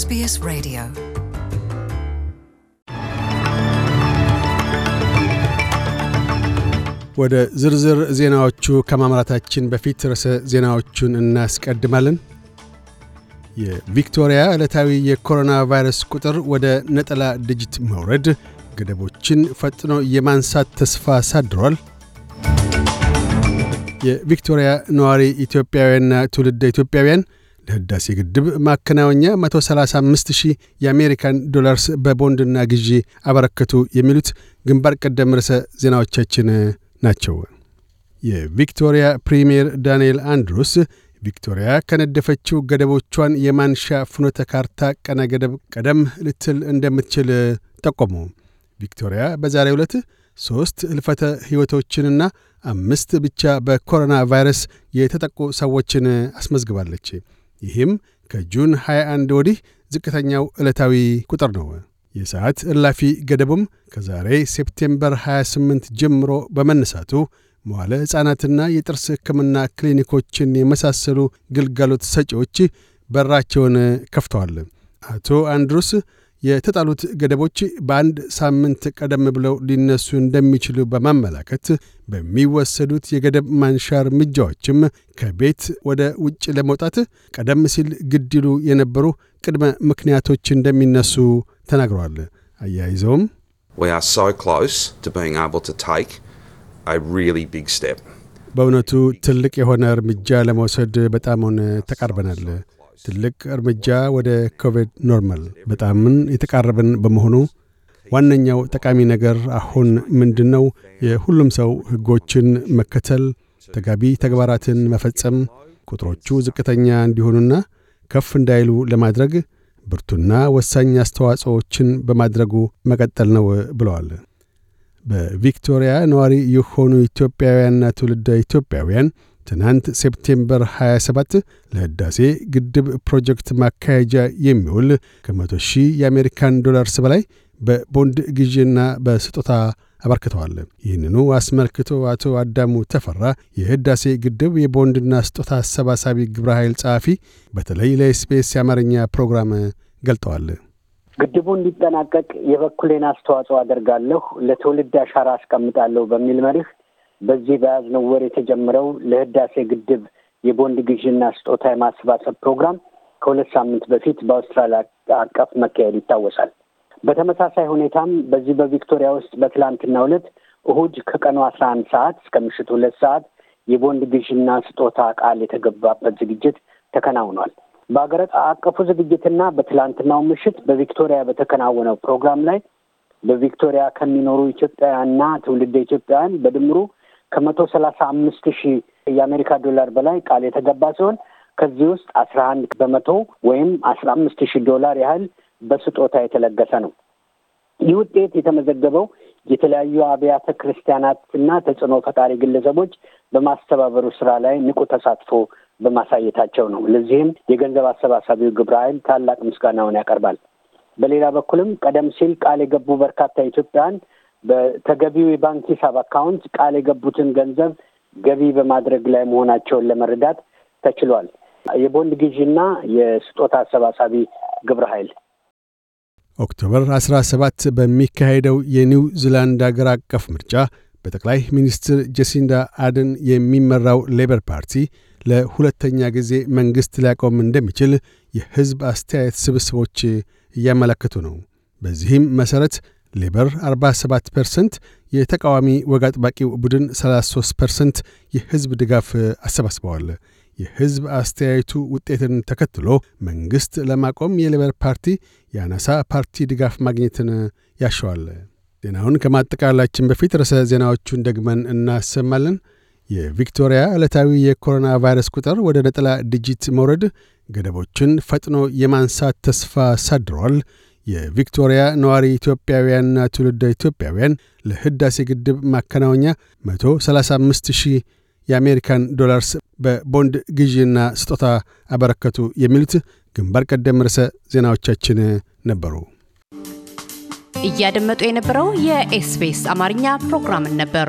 SBS Radio. ወደ ዝርዝር ዜናዎቹ ከማምራታችን በፊት ርዕሰ ዜናዎቹን እናስቀድማለን። የቪክቶሪያ ዕለታዊ የኮሮና ቫይረስ ቁጥር ወደ ነጠላ ድጅት መውረድ ገደቦችን ፈጥኖ የማንሳት ተስፋ አሳድሯል። የቪክቶሪያ ነዋሪ ኢትዮጵያውያንና ትውልደ ኢትዮጵያውያን ለህዳሴ ግድብ ማከናወኛ 135 ሺህ የአሜሪካን ዶላርስ በቦንድና ግዢ አበረከቱ የሚሉት ግንባር ቀደም ርዕሰ ዜናዎቻችን ናቸው። የቪክቶሪያ ፕሪምየር ዳንኤል አንድሩስ ቪክቶሪያ ከነደፈችው ገደቦቿን የማንሻ ፍኖተ ካርታ ቀነ ገደብ ቀደም ልትል እንደምትችል ጠቆሙ። ቪክቶሪያ በዛሬው ዕለት ሦስት ህልፈተ ሕይወቶችንና አምስት ብቻ በኮሮና ቫይረስ የተጠቁ ሰዎችን አስመዝግባለች። ይህም ከጁን 21 ወዲህ ዝቅተኛው ዕለታዊ ቁጥር ነው። የሰዓት እላፊ ገደቡም ከዛሬ ሴፕቴምበር 28 ጀምሮ በመነሳቱ መዋለ ሕፃናትና የጥርስ ሕክምና ክሊኒኮችን የመሳሰሉ ግልጋሎት ሰጪዎች በራቸውን ከፍተዋል። አቶ አንድሩስ የተጣሉት ገደቦች በአንድ ሳምንት ቀደም ብለው ሊነሱ እንደሚችሉ በማመላከት በሚወሰዱት የገደብ ማንሻ እርምጃዎችም ከቤት ወደ ውጭ ለመውጣት ቀደም ሲል ግድሉ የነበሩ ቅድመ ምክንያቶች እንደሚነሱ ተናግረዋል። አያይዘውም በእውነቱ ትልቅ የሆነ እርምጃ ለመውሰድ በጣም ተቃርበናል። ትልቅ እርምጃ ወደ ኮቪድ ኖርማል በጣምን የተቃረብን በመሆኑ ዋነኛው ጠቃሚ ነገር አሁን ምንድን ነው? የሁሉም ሰው ሕጎችን መከተል፣ ተጋቢ ተግባራትን መፈጸም፣ ቁጥሮቹ ዝቅተኛ እንዲሆኑና ከፍ እንዳይሉ ለማድረግ ብርቱና ወሳኝ አስተዋጽኦችን በማድረጉ መቀጠል ነው ብለዋል። በቪክቶሪያ ነዋሪ የሆኑ ኢትዮጵያውያንና ትውልደ ኢትዮጵያውያን ትናንት ሴፕቴምበር 27 ለሕዳሴ ግድብ ፕሮጀክት ማካሄጃ የሚውል ከ100 ሺህ የአሜሪካን ዶላርስ በላይ በቦንድ ግዢና በስጦታ አበርክተዋል። ይህንኑ አስመልክቶ አቶ አዳሙ ተፈራ የህዳሴ ግድብ የቦንድና ስጦታ አሰባሳቢ ግብረ ኃይል ጸሐፊ በተለይ ለኤስቢኤስ የአማርኛ ፕሮግራም ገልጠዋል። ግድቡ እንዲጠናቀቅ የበኩሌን አስተዋጽኦ አደርጋለሁ፣ ለትውልድ አሻራ አስቀምጣለሁ በሚል መሪህ በዚህ በያዝነው ወር የተጀመረው ለህዳሴ ግድብ የቦንድ ግዥና ስጦታ የማሰባሰብ ፕሮግራም ከሁለት ሳምንት በፊት በአውስትራሊያ አቀፍ መካሄድ ይታወሳል። በተመሳሳይ ሁኔታም በዚህ በቪክቶሪያ ውስጥ በትላንትና ዕለት እሁድ ከቀኑ አስራ አንድ ሰዓት እስከ ምሽት ሁለት ሰዓት የቦንድ ግዥና ስጦታ ቃል የተገባበት ዝግጅት ተከናውኗል። በሀገር አቀፉ ዝግጅትና በትላንትናው ምሽት በቪክቶሪያ በተከናወነው ፕሮግራም ላይ በቪክቶሪያ ከሚኖሩ ኢትዮጵያውያንና ትውልደ ኢትዮጵያውያን በድምሩ ከመቶ ሰላሳ አምስት ሺህ የአሜሪካ ዶላር በላይ ቃል የተገባ ሲሆን ከዚህ ውስጥ አስራ አንድ በመቶ ወይም አስራ አምስት ሺህ ዶላር ያህል በስጦታ የተለገሰ ነው። ይህ ውጤት የተመዘገበው የተለያዩ አብያተ ክርስቲያናትና ተጽዕኖ ፈጣሪ ግለሰቦች በማስተባበሩ ስራ ላይ ንቁ ተሳትፎ በማሳየታቸው ነው። ለዚህም የገንዘብ አሰባሳቢው ግብረ ኃይል ታላቅ ምስጋናውን ያቀርባል። በሌላ በኩልም ቀደም ሲል ቃል የገቡ በርካታ ኢትዮጵያውያን በተገቢው የባንክ ሂሳብ አካውንት ቃል የገቡትን ገንዘብ ገቢ በማድረግ ላይ መሆናቸውን ለመረዳት ተችሏል። የቦንድ ግዢና የስጦታ አሰባሳቢ ግብረ ኃይል ኦክቶበር 17 በሚካሄደው የኒው ዚላንድ አገር አቀፍ ምርጫ በጠቅላይ ሚኒስትር ጀሲንዳ አደን የሚመራው ሌበር ፓርቲ ለሁለተኛ ጊዜ መንግሥት ሊያቆም እንደሚችል የሕዝብ አስተያየት ስብስቦች እያመለከቱ ነው። በዚህም መሠረት ሌበር 47 ፐርሰንት፣ የተቃዋሚ ወግ አጥባቂው ቡድን 33 ፐርሰንት የሕዝብ ድጋፍ አሰባስበዋል። የሕዝብ አስተያየቱ ውጤትን ተከትሎ መንግሥት ለማቆም የሌበር ፓርቲ የአናሳ ፓርቲ ድጋፍ ማግኘትን ያሸዋል። ዜናውን ከማጠቃላችን በፊት ርዕሰ ዜናዎቹን ደግመን እናሰማለን። የቪክቶሪያ ዕለታዊ የኮሮና ቫይረስ ቁጥር ወደ ነጠላ ዲጂት መውረድ ገደቦችን ፈጥኖ የማንሳት ተስፋ ሳድሯል። የቪክቶሪያ ነዋሪ ኢትዮጵያውያንና ትውልደ ኢትዮጵያውያን ለህዳሴ ግድብ ማከናወኛ 135 ሺህ የአሜሪካን ዶላርስ በቦንድ ግዢና ስጦታ አበረከቱ የሚሉት ግንባር ቀደም ርዕሰ ዜናዎቻችን ነበሩ። እያደመጡ የነበረው የኤስፔስ አማርኛ ፕሮግራምን ነበር።